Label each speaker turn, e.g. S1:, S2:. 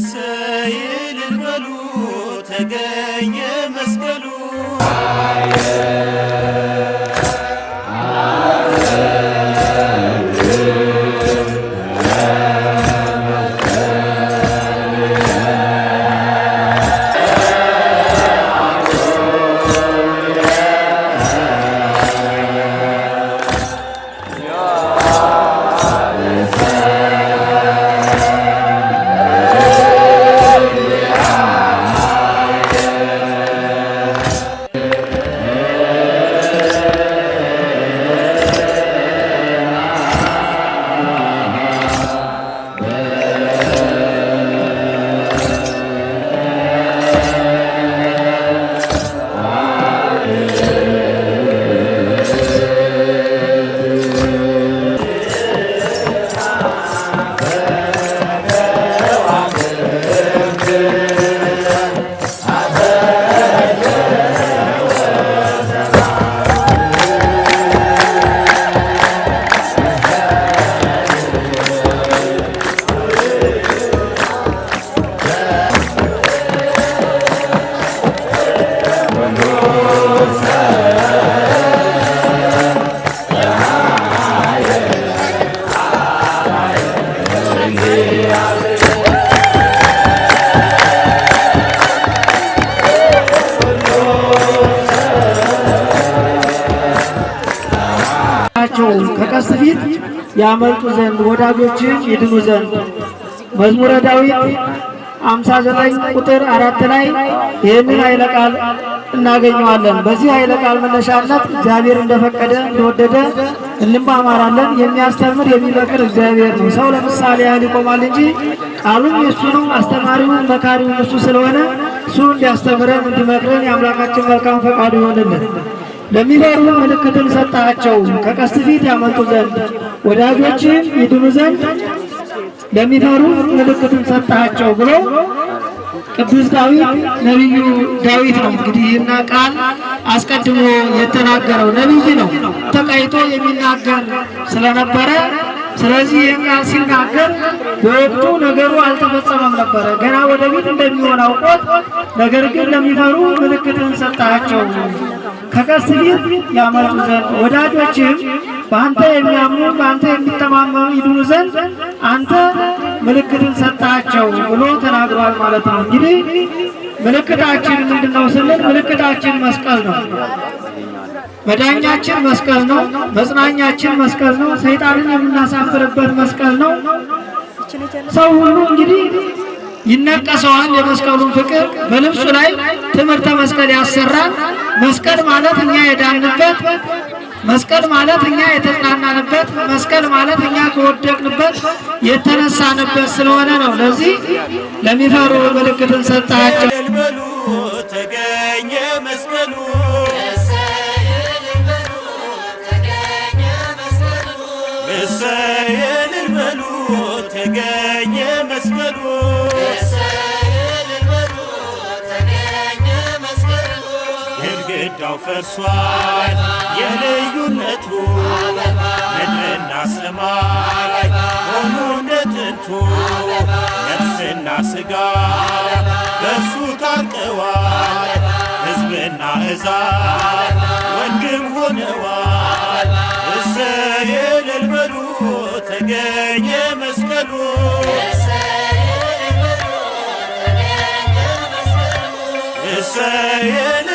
S1: እሰይ ልበሉ ተገኘ
S2: ከቀስት ፊት ያመልጡ ዘንድ ወዳጆችን ይድኑ ዘንድ መዝሙረ ዳዊት 59 ቁጥር አራት ላይ ይህንን ኃይለ ቃል እናገኘዋለን። በዚህ ኃይለ ቃል መነሻነት እግዚአብሔር እንደፈቀደ እንደወደደ እንማማራለን። የሚያስተምር የሚመክር እግዚአብሔር ነው። ሰው ለምሳሌ ያህል ይቆማል እንጂ ቃሉም የእሱ ነው። አስተማሪውን መካሪውን እሱ ስለሆነ እሱ እንዲያስተምረን እንዲመክረን የአምላካችን መልካም ፈቃዱ ይሆንልን። ለሚፈሩ ምልክትን ሰጣቸው ከቀስት ፊት ያመልጡ ዘንድ ወዳጆችም ይድኑ ዘንድ ለሚፈሩ ምልክትን ሰጣቸው ብለው። ቅዱስ ዳዊት ነቢዩ ዳዊት ነው። እንግዲህ እና ቃል አስቀድሞ የተናገረው ነቢይ ነው ተቀይጦ የሚናገር ስለነበረ ስለዚህ ይህን ቃል ሲናገር በወቅቱ ነገሩ አልተፈጸመም ነበረ። ገና ወደፊት እንደሚሆን አውቆት፣ ነገር ግን ለሚፈሩ ምልክትን ሰጣቸው ከቀስት ፊት ያመጡ ዘንድ ወዳጆችም በአንተ የሚያምኑ በአንተ የሚተማመኑ ይድኑ ዘንድ አንተ ምልክትን ሰጣቸው ብሎ ተናግረዋል ማለት ነው። እንግዲህ ምልክታችን ምንድን ነው ስንል ምልክታችን መስቀል ነው። መዳኛችን መስቀል ነው። መጽናኛችን መስቀል ነው። ሰይጣንን የምናሳፍርበት መስቀል ነው። ሰው ሁሉ እንግዲህ ይነቀሰዋል። የመስቀሉን ፍቅር በልብሱ ላይ ትምህርተ መስቀል ያሰራል። መስቀል ማለት እኛ የዳንበት መስቀል ማለት እኛ የተጽናናንበት መስቀል ማለት እኛ ከወደቅንበት የተነሳንበት ስለሆነ ነው። ለዚህ ለሚፈሩ ምልክትን ሰጣቸው።
S1: ተገኘ መስቀሉ ተገኘ ግድግዳው ፈርሷል የልዩነቱ ምድርና ሰማይ ሆኖ እንደ ጥንቱ ነፍስና ሥጋ በሱ ታርቀዋል ህዝብና ሕዛብ ወንድም ሆነዋል እሰየ እልል በሉ ተገኘ መስቀሉ እሰየ